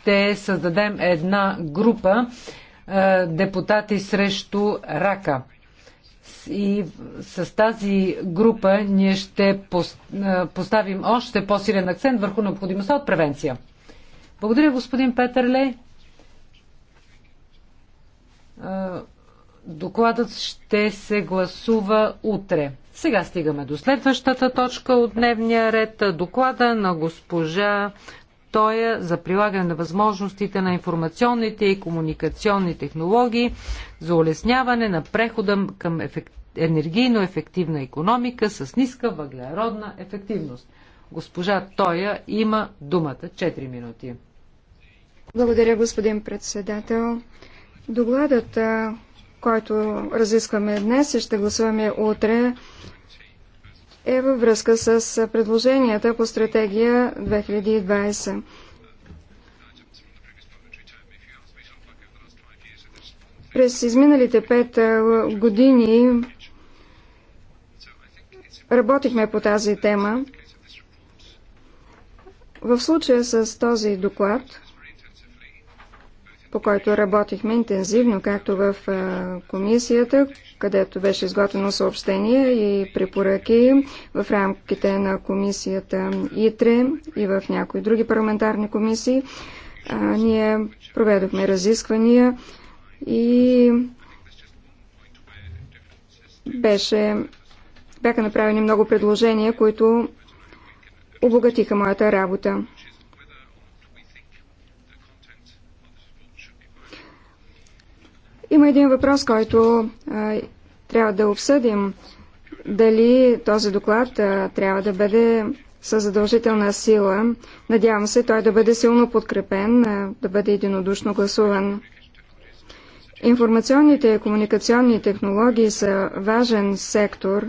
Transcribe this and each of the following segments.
ще създадем една група е, депутати срещу рака. И с тази група ние ще е, поставим още по-силен акцент върху необходимостта от превенция. Благодаря, господин Петърле. Е, докладът ще се гласува утре. Сега стигаме до следващата точка от дневния ред. Доклада на госпожа той е за прилагане на възможностите на информационните и комуникационни технологии за улесняване на прехода към енергийно ефективна економика с ниска въглеродна ефективност. Госпожа Тоя има думата. 4 минути. Благодаря, господин председател. Докладът, който разискваме днес и ще гласуваме утре, е във връзка с предложенията по стратегия 2020. През изминалите пет години работихме по тази тема. В случая с този доклад по който работихме интензивно, както в комисията, където беше изготвено съобщение и препоръки в рамките на комисията ИТРЕ и в някои други парламентарни комисии. Ние проведохме разисквания и беше, бяха направени много предложения, които обогатиха моята работа. Има един въпрос, който а, трябва да обсъдим. Дали този доклад а, трябва да бъде със задължителна сила. Надявам се той да бъде силно подкрепен, а, да бъде единодушно гласуван. Информационните и комуникационни технологии са важен сектор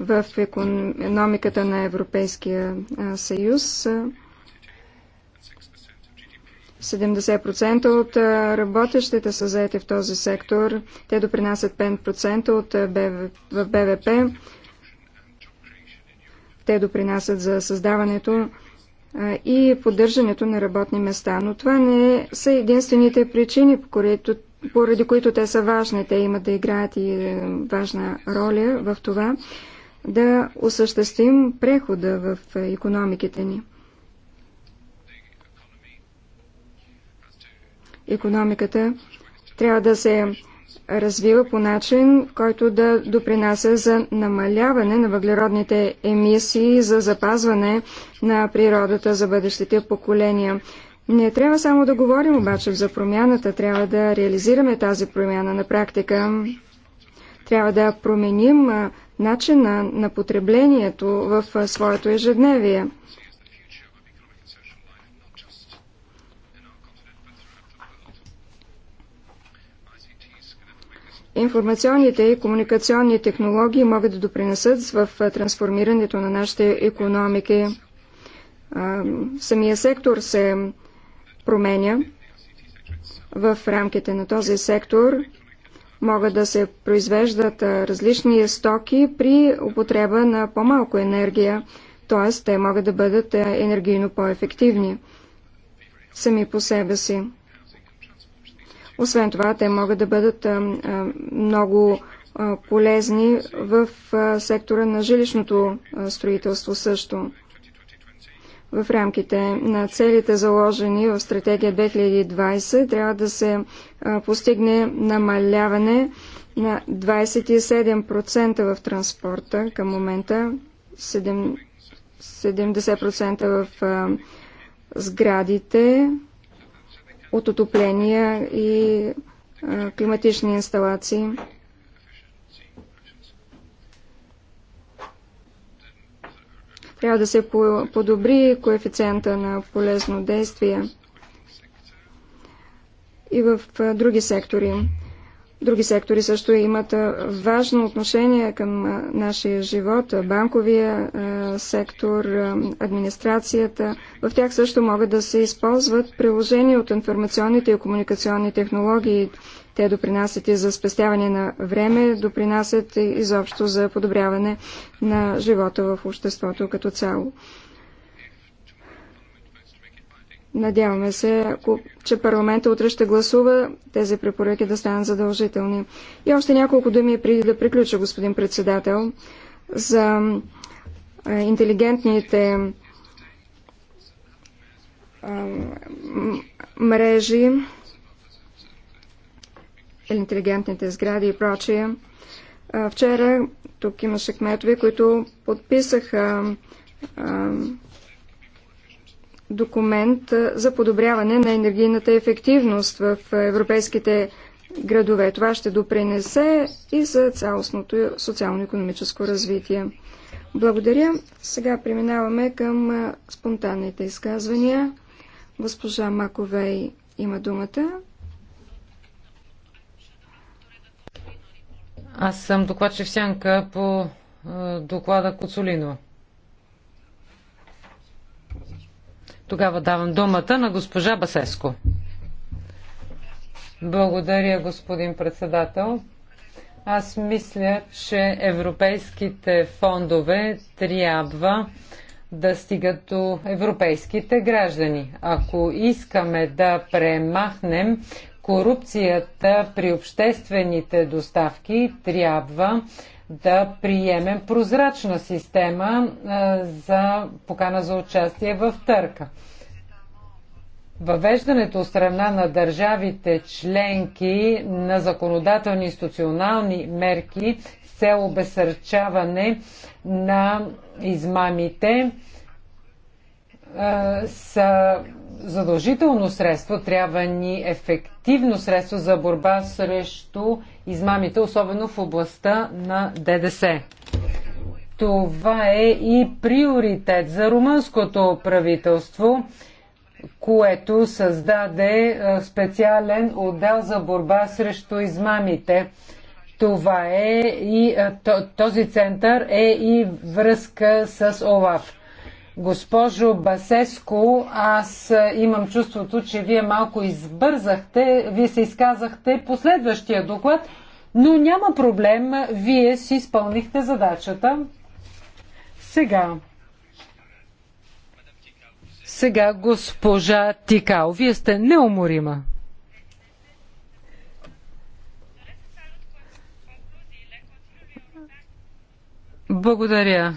в економиката на Европейския съюз. 70% от работещите са заети в този сектор. Те допринасят 5% от БВ... в БВП. Те допринасят за създаването и поддържането на работни места. Но това не са единствените причини, по които, поради които те са важни. Те имат да играят и е, важна роля в това да осъществим прехода в економиките ни. економиката трябва да се развива по начин, който да допринася за намаляване на въглеродните емисии, за запазване на природата за бъдещите поколения. Не трябва само да говорим обаче за промяната, трябва да реализираме тази промяна на практика. Трябва да променим начина на потреблението в своето ежедневие. Информационните и комуникационни технологии могат да допринесат в трансформирането на нашите економики. Самия сектор се променя. В рамките на този сектор могат да се произвеждат различни стоки при употреба на по-малко енергия, т.е. те могат да бъдат енергийно по-ефективни сами по себе си. Освен това, те могат да бъдат много полезни в сектора на жилищното строителство също. В рамките на целите заложени в стратегия 2020 трябва да се постигне намаляване на 27% в транспорта към момента, 70% в сградите, от отопления и климатични инсталации. Трябва да се подобри коефициента на полезно действие и в други сектори. Други сектори също имат важно отношение към нашия живот, банковия сектор, администрацията. В тях също могат да се използват приложения от информационните и комуникационни технологии. Те допринасят и за спестяване на време, допринасят изобщо за подобряване на живота в обществото като цяло. Надяваме се, ако, че парламента утре ще гласува тези препоръки да станат задължителни. И още няколко думи преди да приключа, господин председател, за интелигентните мрежи, интелигентните сгради и прочие. Вчера тук имаше кметове, които подписаха документ за подобряване на енергийната ефективност в европейските градове. Това ще допринесе и за цялостното социално-економическо развитие. Благодаря. Сега преминаваме към спонтанните изказвания. Госпожа Маковей има думата. Аз съм докладчев сянка по доклада Коцулино. Тогава давам думата на госпожа Басеско. Благодаря, господин председател. Аз мисля, че европейските фондове трябва да стигат до европейските граждани. Ако искаме да премахнем корупцията при обществените доставки трябва да приемем прозрачна система за покана за участие в търка. Въвеждането от страна на държавите членки на законодателни институционални мерки с цел обесърчаване на измамите са задължително средство, трябва ни ефективно средство за борба срещу измамите, особено в областта на ДДС. Това е и приоритет за румънското правителство, което създаде е, специален отдел за борба срещу измамите. Това е и е, този център е и връзка с ОЛАФ. Госпожо Басеско, аз имам чувството, че вие малко избързахте, вие се изказахте последващия доклад, но няма проблем, вие си изпълнихте задачата. Сега. Сега, госпожа Тикао, вие сте неуморима. Благодаря.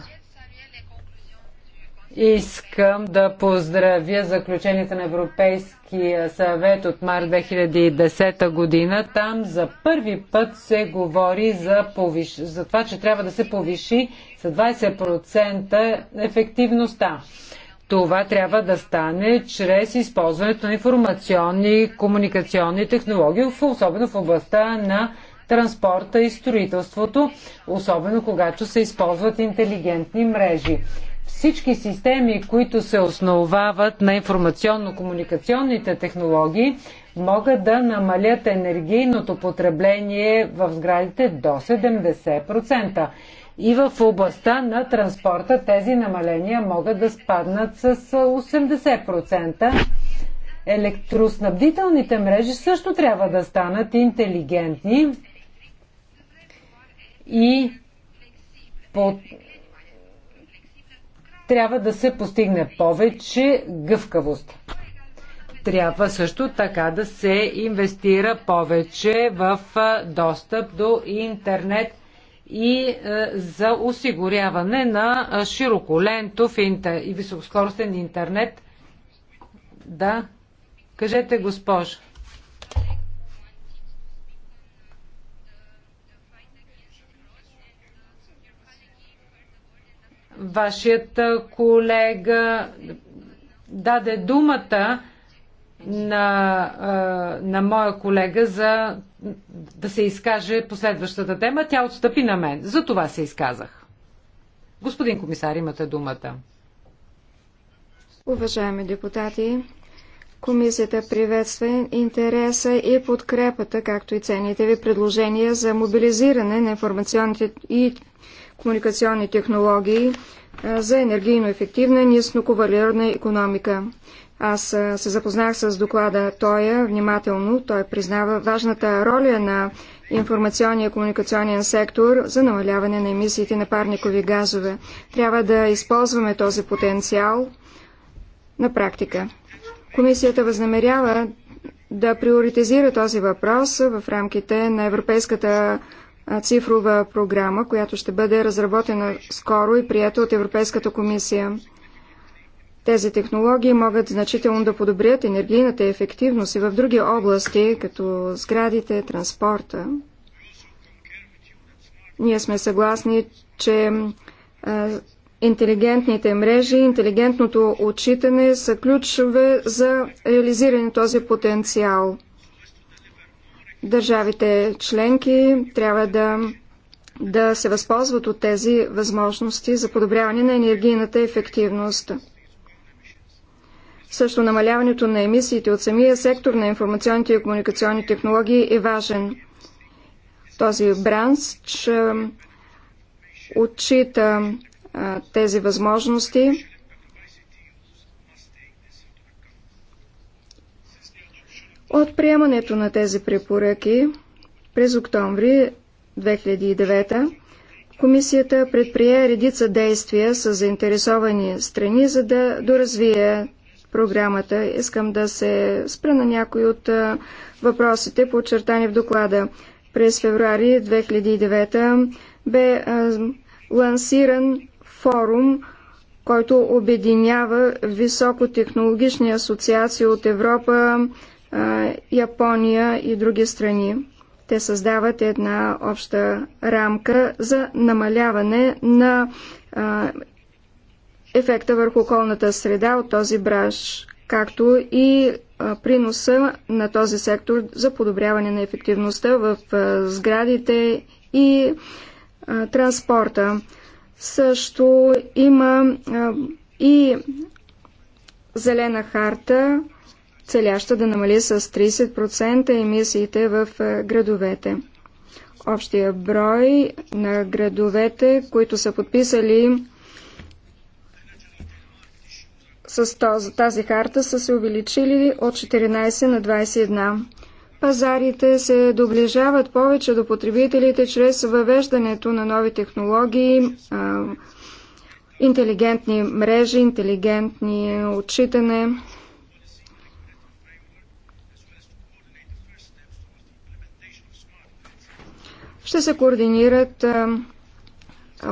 Искам да поздравя заключенията на Европейския съвет от март 2010 година. Там за първи път се говори за, повиш... за това, че трябва да се повиши с 20% ефективността. Това трябва да стане чрез използването на информационни и комуникационни технологии, особено в областта на транспорта и строителството, особено когато се използват интелигентни мрежи. Всички системи, които се основават на информационно-комуникационните технологии, могат да намалят енергийното потребление в сградите до 70%. И в областта на транспорта тези намаления могат да спаднат с 80%. Електроснабдителните мрежи също трябва да станат интелигентни и по трябва да се постигне повече гъвкавост. Трябва също така да се инвестира повече в достъп до интернет и за осигуряване на широколентов и високоскоростен интернет. Да, кажете, госпожо. Вашият колега даде думата на, на моя колега за да се изкаже последващата тема. Тя отстъпи на мен. За това се изказах. Господин комисар, имате думата. Уважаеми депутати, Комисията приветства интереса и подкрепата, както и цените ви предложения за мобилизиране на информационните и комуникационни технологии за енергийно ефективна и нисноковалирна економика. Аз се запознах с доклада Тоя внимателно. Той признава важната роля на информационния и комуникационен сектор за намаляване на емисиите на парникови газове. Трябва да използваме този потенциал на практика. Комисията възнамерява да приоритизира този въпрос в рамките на Европейската цифрова програма, която ще бъде разработена скоро и прията от Европейската комисия. Тези технологии могат значително да подобрят енергийната ефективност и в други области, като сградите, транспорта. Ние сме съгласни, че интелигентните мрежи, интелигентното отчитане са ключове за реализиране този потенциал. Държавите членки трябва да, да се възползват от тези възможности за подобряване на енергийната ефективност. Също намаляването на емисиите от самия сектор на информационните и комуникационни технологии е важен. Този бранш отчита тези възможности От приемането на тези препоръки през октомври 2009 Комисията предприе редица действия с заинтересовани страни, за да доразвие програмата. Искам да се спра на някои от въпросите, подчертани в доклада. През февруари 2009 бе лансиран форум, който обединява високотехнологични асоциации от Европа, Япония и други страни. Те създават една обща рамка за намаляване на ефекта върху околната среда от този браш, както и приноса на този сектор за подобряване на ефективността в сградите и транспорта. Също има и зелена харта целяща да намали с 30% емисиите в е, градовете. Общия брой на градовете, които са подписали с тази харта, са се увеличили от 14 на 21. Пазарите се доближават повече до потребителите чрез въвеждането на нови технологии, интелигентни мрежи, интелигентни отчитане. ще се координират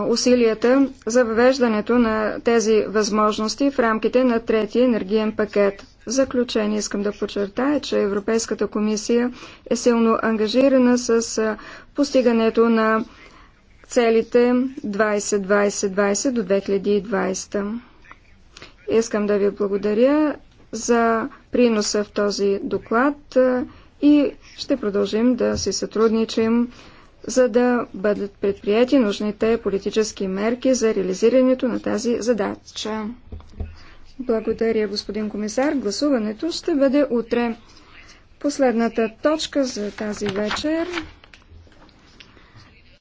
усилията за въвеждането на тези възможности в рамките на третия енергиен пакет. В заключение искам да подчертая, че Европейската комисия е силно ангажирана с постигането на целите 2020-2020 до 2020. Искам да ви благодаря за приноса в този доклад и ще продължим да си сътрудничим за да бъдат предприяти нужните политически мерки за реализирането на тази задача. Благодаря, господин комисар. Гласуването ще бъде утре. Последната точка за тази вечер